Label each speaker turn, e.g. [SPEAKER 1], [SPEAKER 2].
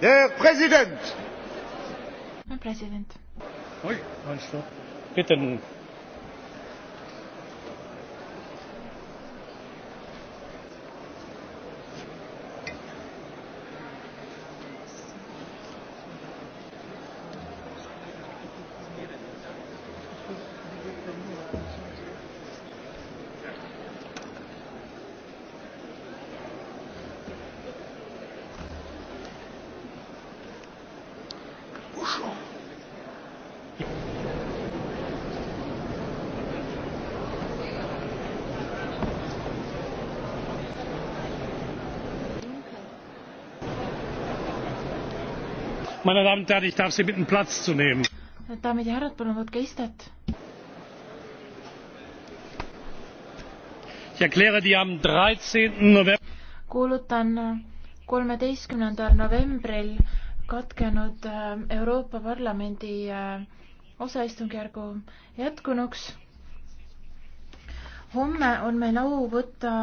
[SPEAKER 1] Der Präsident! Herr Präsident! Ui, meinst du? Bitte nun.
[SPEAKER 2] meine damen und herren ich darf sie bitten platz zu nehmen.
[SPEAKER 3] daamid ja härrad palun võtke istet.
[SPEAKER 4] ich erkläre die am. 13.
[SPEAKER 3] november kuulutan kolmeteistkümnendal novembril katkenud äh, euroopa parlamendi äh, osaistungjärgu jätkunuks. homme on meil au võtta